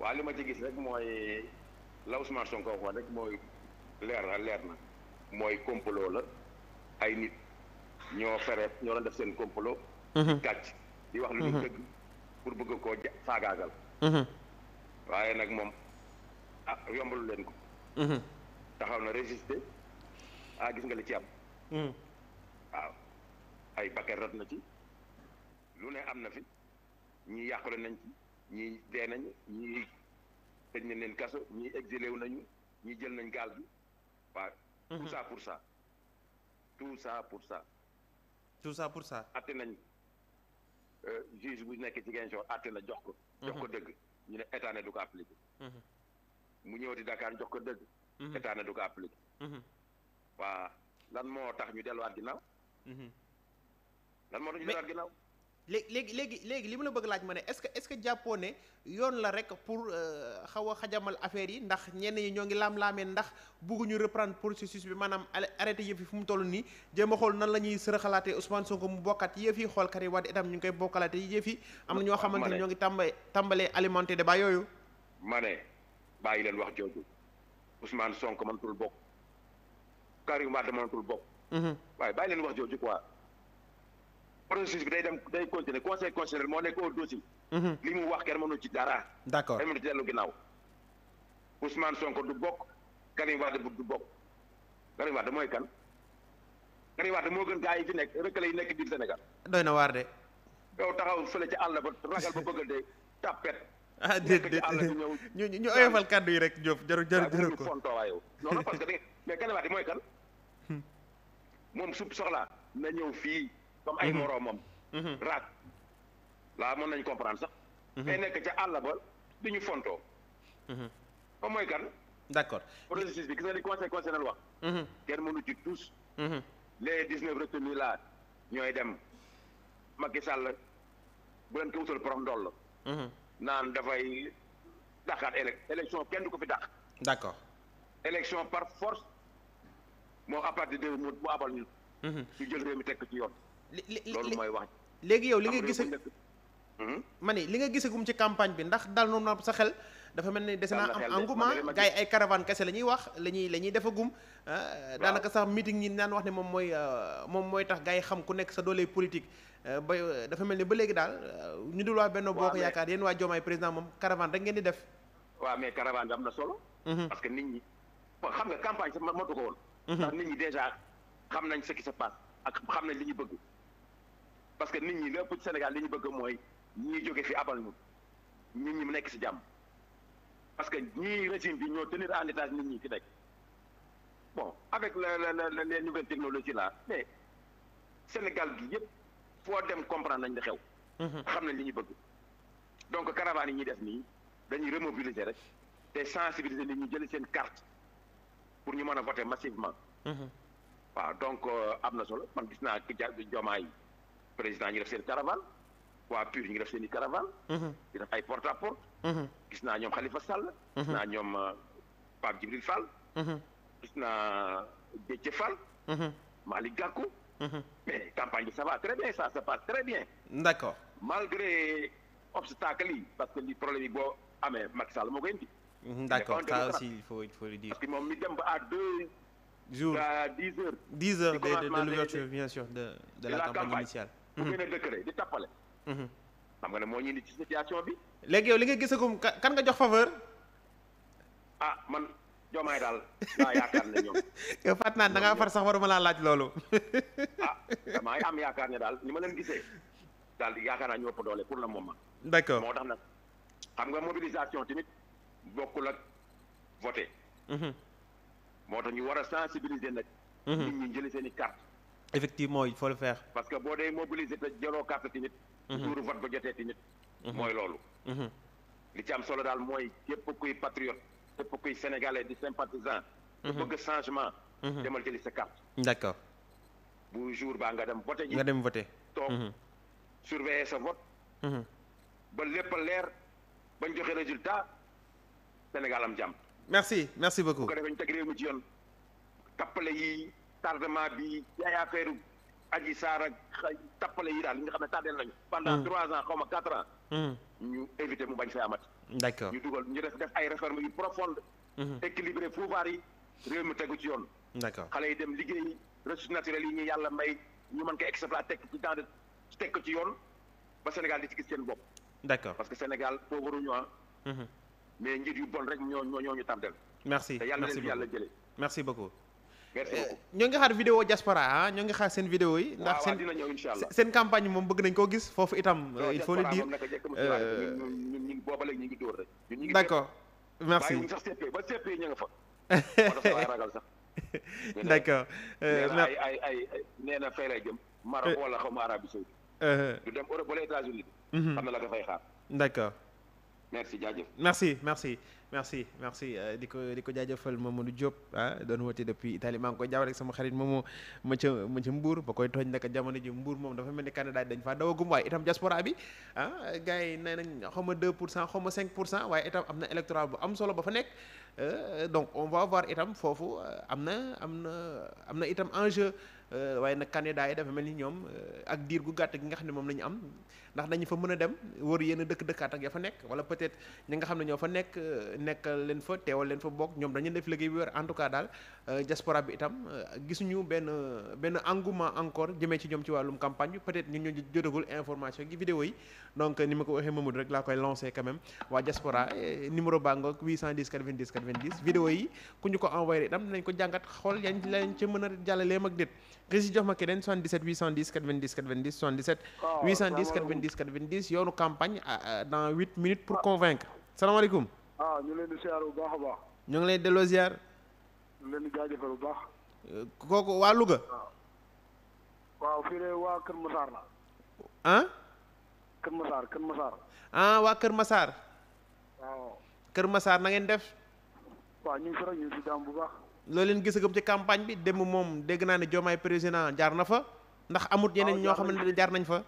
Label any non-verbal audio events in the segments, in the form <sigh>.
waa li ma ci gis rek mooy la Ousmane Sonko waxoon rek mooy leer la leer na mooy complot la ay nit ñoo fere ñoo doon def seen complot kàcc mhm. di wax lu ñu mhm. dëgg pour bëgg koo faagaagal mhm. waaye nag moom ah yombalu leen ko taxaw na résister a ah, gis nga li ci am waaw ay bakket rat na ci lu ne am na fi ñi yàqule nañ ci ñii dee nañ ñii tëj nañ leen kaso ñii exilé wu nañu ñii jël nañ gaal bi waa mhm. tout ça pour ça. tout ça pour ça. tout ça pour ça. atte nañ euh, juge bu nekk ci Ziguinchor atte na jox ko. jox ko mhm. dëgg ñu ne état ne du ko appliqué. Mhm. mu ñëwati Dakar jox ko dëgg. état ne du ko appliqué. waa lan moo tax ñu delluwaat ginnaaw. lan moo tax ñu delluwaat ginnaaw. léegi léegi léegi léegi li ma la bëgg laaj ma ne est-ce que est-ce que jàppoo ne yoon la rek pour euh, xaw a xajamal affaire yi ndax ñenn ñi ñoo ngi laam-laamee ndax bugguñu reprendre processus bi maanaam arrêté yëf yi fu mu toll nii jéem a xool nan la ñuy sërëxalaatee Ousmane Sonko mu bokkaat yëf yi xool Karim Wade itam ñu koy bokkalaate yëf am na ñoo xamante ne ñoo ngi tàmbalee tàmbalee alimenté débat yooyu ma ne bàyyi leen wax jooju Ousmane Sonko mënatul bokk Karim Wade mënatul bokk mhm. waaye bàyyi leen wax jooju processus bi day dem day continuer conseil constitutionnel moo nekk au dossier. Mhm. li mu wax kenn mënu ci dara. d' accord kenn mënu ci dellu ginnaaw. Ousmane Sonko du bokk Karim Wade du bokk Karim Wade mooy kan Karim moo gaa yi fi nekk rëkkale nekk biir Sénégal. doy na waar de. yow taxaw fële ci àll ba ragal ba bëgg de tapet. ah déedéet <laughs> ñu ñu ñu oyofal kàddu yi rek Diop jaru jaru jaru ko waaw non non parce que mais Karim hmm. moom su soxlaa na ñëw fii. comme ay mhm. moroomam. Mhm. raak laa mën nañ comprendre sax. tey mhm. nekk ca àll ba du ñu fontoo. moom mooy kan. d'accord processus bi gis nga li conseil constitutionnel wax. kenn mënu ci tous. les dix-neuf retenus là ñooy dem Macky Sall bu leen ko wutal borom ndoll. naan dafay dàqaat élection kenn du ko fi dàq. d'accord élection par force moo à de mu abal ñu. ñu jël réew mi teg ci yoon. loolu mooy wax léegi yow li nga gis hmm? ma ni li nga gisagum ci campagne bi ndax dal noonu na sa xel dafa mel ni dese naa am engouement gars yi ay caravane kese la ñuy wax la ñuy la ñuy defagum ah, daanaka sax meeting ñi naan wax ne moom mooy euh, moom mooy tax gars yi xam ku nekk sa doole politique euh, ba dafa mel ni ba léegi daal euh, ñu dul waa Benno Bokk Yaakaar yéen waa Diomaye président moom caravane rek ngeen di def waaw mais caravane bi am na solo mhm. parce que nit ñi xam nga campagne sax matu ko woon mhm. ndax nit ñi déjà nañ ce qui se passe ak xam nañ li ñu bëgg parce que nit ñi lépp ci Sénégal li ñu bëgg mooy ñi jóge fi abal ñu nit ñi mu nekk si jàmm parce que ñii régime bi ñoo tenir en état nit ñi fi nekk bon avec la la la les nouvelles technologies là mais Sénégal gi yëpp foo dem comprendre nañ la xew. Mhm. xam nañ li ñu bëgg. donc caravane yi ñuy def nii dañuy remobiliser rek te sensibiliser nit ñu jëli seen carte pour ñu mën a voter massivement. Mhm. waaw donc euh, am na solo man gis naa ja jomaay président ñu def seen caravane waa PUR ñu def seen i caravane mhm. di def ay porte à porte mhm. gis naa ñoom Khalifa Sall gis mhm. naa ñoom euh, Pape Djibril Fall gis naa euh, Déthié Fall Malick Gakou mais campagne bi ça va très bien ça se passe très bien d'accord malgré obstacle yi parce que li problème yi boo amee Macky Sall moo koy indi d'accord ça aussi il faut il faut le dire parce que moom mi dem ba à deux jours à dix heures dix heures de l'ouverture bien sûr de de la campagne initiale pour ñu ne décret di tappale mhm. xam nga ne moo ñu indi ci situation bi léegi yow li nga gisagum kan nga jox faveur ah man joomaay daal laa yaakaar ne ñoom <laughs> yow fàtt naa da ngaa far sax waruma laa laaj loolu <laughs> ah maa am yaakaar ne daal ni ma leen gisee daal di yaakaar naa ñu opp doole pour le moment d'accord moo tax nag xam nga mobilisation tamit bokkul ak voté mhm. moo tax ñu war a sensibiliser nag mhm. nit ñi seen i carte effectivement il faut le parce que boo dee mobiliser te jëloo carte tamit. Mhm. jour vote ba jotee tamit. Mhm. mooy loolu. Mhm. li ci am solo daal mooy képp kuy patriote képp kuy sénégalais di sympathisant. ku bëgg changement. demal jëli sa carte. d'accord. bu jour ba nga dem voté ji nga dem voté. toog surveiller sa vote. ba lépp leer bañ joxe résultat Sénégal am jàmm. merci merci beaucoup. bu ko defee ñu teg réew mi ci yoon tappale yi. tardement bi ay affaire aji saar ak tappale yi daal li nga xam ne tardé nañu. Hmm. pendant trois ans xaw ma quatre ans. Hmm. ñu éviter mu bañ fee amat. d'accord ñu dugal ñu def def ay réformes yu profonde hmm. équilibré pouvoir yi réew mi tegu ci yoon. d'accord xale yi dem liggéey ressources naturelles yi ñu yàlla may ñu mën ko exploiter teg ci temps de ci yoon ba Sénégal di ci gis seen bopp. d'accord parce que Sénégal pauvre ñu ah. mais njiit yu bon rek ñoo ñoo ñoo ñu tardel. merci merci beaucoup yàlla na leen yàlla merci euh, beaucoup ñoo ngi xaar vidéo diaspora ah, ñoo ngi xaar seen vidéo yi. ndax ah, seen dina ñëw incha allah seen campagne moom bëgg nañ koo gis foofu itam. Euh, il faut le dire ñu ngi dóor rek. d' accord merci waaye ba CP ñu nga fa. <laughs> ragal sax. <laughs> d' accord. Euh, ay ay ay nee na fay lay jëm. Maroc ma Arabie Saoudite. du dem Europe wala États-Unis. Mhm. xam na la nga merci jaajëf merci merci merci merci euh, di ko di ko jaajëfal Mamadou Diop ah doon woote depuis Italie maa ngi koy jaawalee ak sama xarit moomu ma ca ma ca Mbour ba koy tooñ naka jamono ji mbuur moom dafa mel ni Canada dañ faa dawagum waaye itam diaspora bi ah gars yi nee nañ xaw ma 2 pour cent xaw ma 5 pour cent waaye itam am na électorat bu am solo ba fa nekk euh, donc on va voir itam foofu euh, am na am na am na itam enjeu waaye nag Canada yi dafa mel ni ñoom ak diir gu gàtt gi nga xam ne moom la ñu am. ndax dañu fa mën a dem wër yenn dëkk dëkkaat ak ya fa nekk wala peut-être ñi nga xam ne ñoo fa nekk nekkal leen fa teewal leen fa bokk ñoom dañu def liggéey bi wër en daal euh, diaspora bi itam euh, gisuñu benn benn engouement encore jëmee ci ñoom ci wàllum campagne bi peut-être ñu jotagul information gi vidéo yi donc ni ma ko waxee Mamadou rek laa koy lancé quand waa diaspora eh, numéro baa ngoog 810 yi ku ñu ko envoyé itam dinañ ko jàngat xool yañ lañ ca mën 90 90 yoonu campagne euh, euh, dans huit minutes pour convaincre salaamaaleykum. ah ñu leen di ziar bu baax a baax. ñu ngi lay delloo leen di jaajëfal bu baax. Euh, kooku waa Louga. Ah. waaw fii waa Kër Massar la. ah. Kër Massar Kër Massar. ah waa Kër Massar. Kër Massar na ngeen def. waaw ñu ngi fi rek bu baax. loo leen gisagum ci campagne bi démb moom dégg naa ne Diomaye président jaar na fa. ndax amut yeneen ñoo ah, xam ne jaar nañ fa.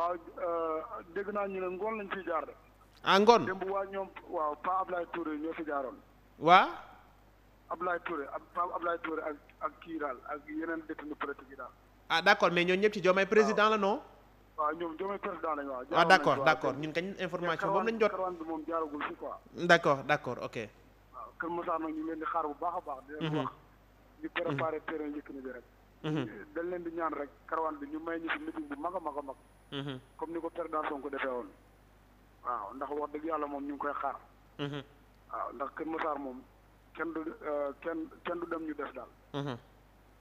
waaw euh, dégg naa ñu ne ngoon lañ fiy jaar de. ah ngoon démb waa ñoom waaw Pa Ablaye Touré ñoo fi jaaroon. waa. Ablaye Touré ak Pa Ablaye Touré ak ak kii daal ak yeneen détenu politique yi daal. ah d' accord mais ñooñu ñëpp ci Diomaye président la non. waaw ñoom Diomaye président lañ waaw. Ah, waaw d' accord ñun kañ information boobu lañ jot moom jaaragul fi quoi. d' accord d' accord ok. Kër Moussa nag ñu ngi leen di xaar bu baax a baax. Mhm. di leen wax ñu préparé terrain yëkkati bi rek. Mm-hmm. dañ leen di ñaan rek karawaan bi ñu may ñu ci meeting bu mag a mag a mag. Mm-hmm. comme ni ko président ko defee woon. waaw ndax wax dëgg yàlla moom ñu ngi koy xaar. Mm-hmm. waaw ndax Kër Massar moom kenn du euh, kenn kenn du dem ñu def daal.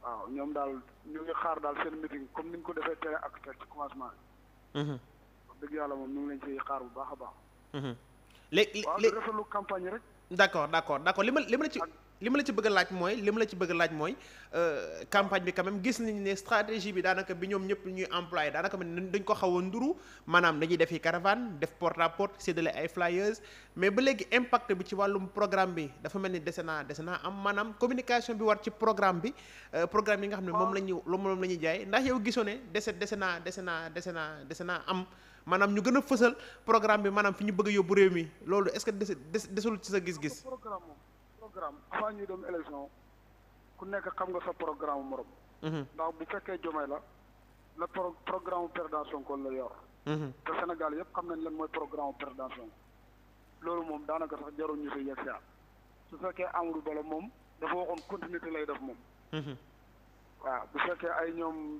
waaw ñoom daal ñu ngi xaar daal seen meeting comme ni ñu ko defee télé ak télé ci commencement bi. wax dëgg yàlla moom ñu ngi leen ciy xaar bu baax a baax. léegi léegi waaw rafetlu campagne rek. d' accord d' accord d' li ma li ma la ci. li ma la ci bëgg laaj mooy li ma la ci bëgg laaj mooy euh, campagne bi quand même gis nañ ne stratégie bi daanaka bi ñoom ñëpp ñuy employé daanaka dañ ko xaw a nduru maanaam dañuy defi caravane def porte à porte séddale ay flyers mais ba léegi impact bi ci wàllum programme bi dafa mel ni dese naa dese naa am maanaam communication bi war ci programme bi euh, programme yi nga xam ne moom la ñu moom la ñuy jaay ndax yow gisoo ne dese dese naa dese naa dese naa dese naa am maanaam ñu gën a fësal programme bi maanaam fi ñu bëgg a yóbbu réew mi loolu est-ce desul ci sa gis-gis. programme avant ñuy dem élection ku nekk xam nga sa programme morom. Mhm. ndax bu fekkee Diomaye la la pro programme président Sonko la yor. Mhm. te Sénégal yëpp xam nañ lan mooy programme président loolu moom daanaka sax jarul ñu si yegg si su fekkee Amadou Ba la moom dafa waxoon continuité lay def moom. Mhm. waaw bu fekkee ay ñoom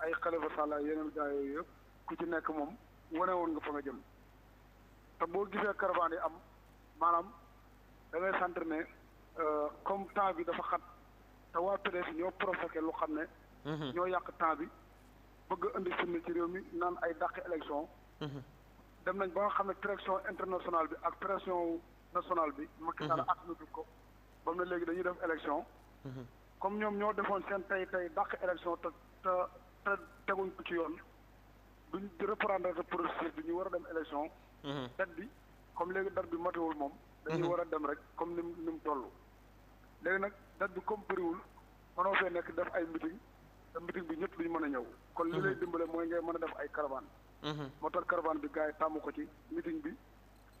ay Khalifa Sall ak yeneen gars yooyu yëpp ku ci nekk moom wane woon nga fa nga jëm te boo gisee caravane am maanaam. da ngay sentir ne euh, comme temps bi dafa xat te waa PDS ñoo provoqué lu xam ne. Mhm. ñoo yàq temps bi bëgg indi firnde ci réew mi naan ay dàq élection. Mhm. dem nañ ba nga xam ne pression internationale bi ak pression nationale bi. Macky Sall mhm. assume ko ba na léegi dañuy def élection. comme ñoom ñoo defoon seen tey tey dàq élection te te te teguñ ko ci yoon duñ reprendre le processus bi ñu war a dem élection. date bi comme léegi dar bi matuwul moom. dañuy mhm. war a dem rek comme ni mu ni mu toll. léegi nag date bi comme bëriwul mënoo fee nekk def ay meeting te meeting bi ñëpp duñu mën a ñëw. kon li lay mhm. mooy ngay mën a def ay caravane. Mhm. moo tax caravane bi gars yi tàmm ko ci meeting bi.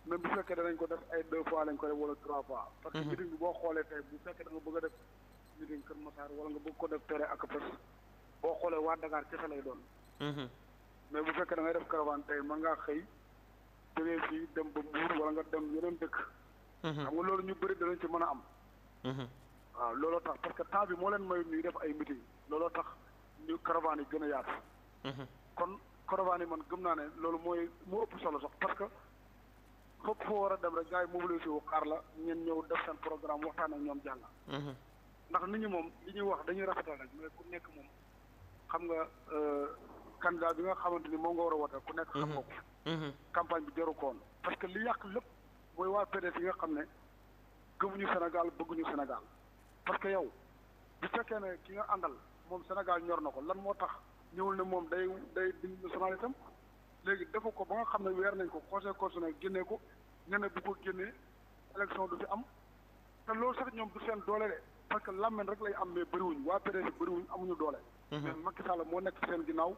même bu fekkee danañ ko def ay deux fois lañ koy wala trois fois. parce que meeting bi boo xoolee tey bu fekkee da nga bëgg a def meeting Kër Massar wala nga bëgg ko def tere ak pes boo xoolee waa Dakar kese lay doon. mais bu fekkee da ngay def caravane tey mën ngaa xëy jógee dem ba Mbuur wala nga dem yeneen dëkk. Mm-hmm. xam nga loolu ñu bëri danañ ci mën a am. Mm-hmm. waaw looloo tax parce que temps bi moo leen may nii def ay miti looloo tax ñu caravane gën a yaatu. Mm-hmm. kon caravane yi man gëm naa ne loolu mooy moo ëpp solo sax parce que foofu foo war a dem rek gars yi mobilisé wu xaar la ngeen ñëw def seen programme waxtaan ak ñoom jàll. ndax nit ñi moom li ñuy wax dañuy rafetal rek mais ku nekk moom xam nga euh, candidat bi nga xamante ni moom nga war a wote ku nekk xam nga ko. campagne bi jaru koon parce que li yàq lépp. mooy waa PDS yi nga xam ne gëmuñu Sénégal bëgguñu Sénégal parce que yow bu fekkee ne ki nga àndal moom Sénégal ñor na ko lan moo tax ñëwul ne moom day day dindi nationalisme léegi defu ko ba nga xam ne weer nañ ko conseil constitutionnel génnee ko nee na bu ko génnee élection du fi am te loolu sax ñoom du seen doole de parce que làmmiñ rek lay am mais bëriwuñ waa PDS bëriwuñ amuñu doole. Mhm. mais Macky Sall moo nekk seen ginnaaw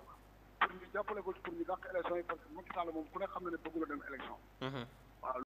pour ñu jàppale ko pour ñu dàq élection yi parce ne xam na ne bëggu la dem élection. Mhm.